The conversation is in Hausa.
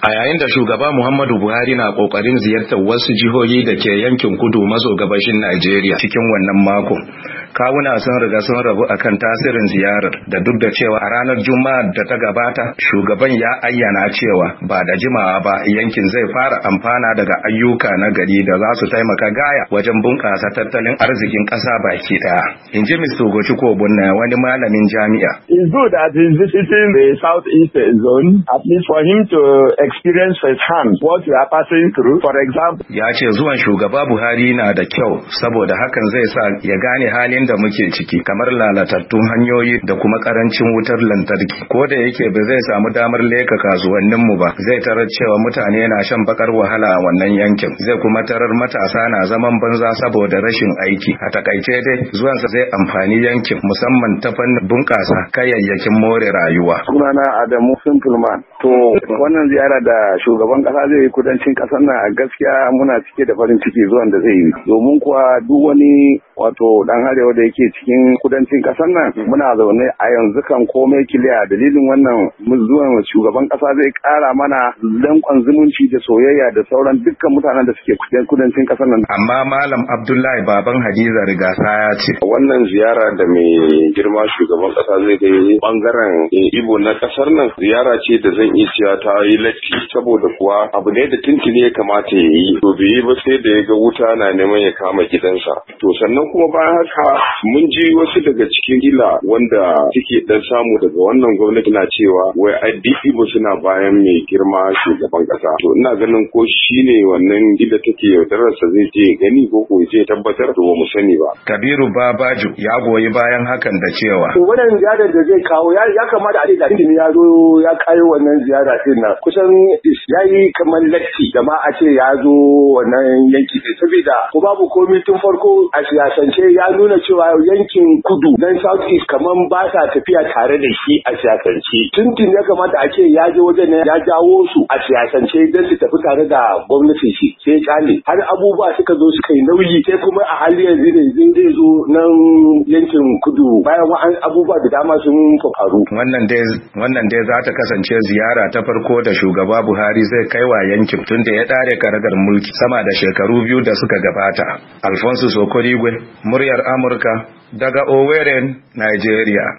a yayin da shugaba Muhammadu Buhari na kokarin ziyartar wasu jihohi da ke yankin kudu maso gabashin Najeriya cikin wannan mako kawuna sun riga sun rabu akan tasirin ziyarar da duk da cewa a ranar juma'a da ta gabata shugaban ya ayyana cewa ba da jimawa ba yankin zai fara amfana daga ayyuka na gari da za su taimaka gaya wajen bunƙasa tattalin arzikin ƙasa baki ɗaya in ji mr ko bunna wani malamin jami'a it's good that he's visiting the southeast zone at least for him to experience hand what you are passing through for example ya ce zuwan shugaba buhari na da kyau saboda hakan zai sa ya gane halin halin da muke ciki kamar lalatattun hanyoyi da kuma karancin wutar lantarki ko da yake ba zai samu damar leka kasuwannin mu ba zai tarar cewa mutane na shan bakar wahala a wannan yankin zai kuma tarar matasa na zaman banza saboda rashin aiki a takaice dai zuwan sa zai amfani yankin musamman ta fannin bunƙasa kayayyakin more rayuwa na Adamu Simpleman to wannan ziyara da shugaban kasa zai yi kudancin kasar na gaskiya muna cike da farin ciki zuwan da zai yi domin kuwa duk wani wato dan arewa da yake cikin kudancin kasar nan mm. muna zaune a yanzu kan komai kiliya dalilin wannan zuwan shugaban kasa zai kara mana lankon zumunci da soyayya da sauran dukkan mutanen da suke kudancin kasar nan amma malam abdullahi baban hadiza rigasa ya ce wannan ziyara da mai girma shugaban kasa zai kai bangaren ibo na kasar nan ziyara ce da zan iya cewa ta yi latti saboda kuwa abu ne da tuntuni ya kamata ya yi to ba sai da ya ga wuta na neman ya kama gidansa to sannan kuma bayan haka mun ji wasu daga cikin gila wanda suke dan samu daga wannan gwamnati na cewa wai IDP ba suna bayan mai girma shugaban kasa to ina ganin ko shine wannan gila take yaudararsa zai je gani ko ko zai tabbatar to ba mu sani ba kabiru babaju ya goyi bayan hakan da cewa to wannan ziyarar da zai kawo ya kamata a ce da ya zo ya kai wannan ziyara din nan kusan yayi kamar latti da a ce ya zo wannan yanki saboda ko babu komai tun farko a siyasa kasance ya nuna cewa yankin kudu na south east kamar ba sa tafiya tare da shi a siyasance tuntun ya kamata a ce ya je wajen ya jawo su a siyasance don su tafi tare da gwamnatin shi sai kyale har abubuwa suka zo suka yi nauyi sai kuma a hali yanzu ne zai zo nan yankin kudu bayan wa'an abubuwa da dama sun faru. wannan dai wannan za ta kasance ziyara ta farko da shugaba buhari zai kai wa yankin Tunda da ya dare karagar mulki sama da shekaru biyu da suka gabata alfonso sokorigwe muryar Amurka daga oweren Nigeria.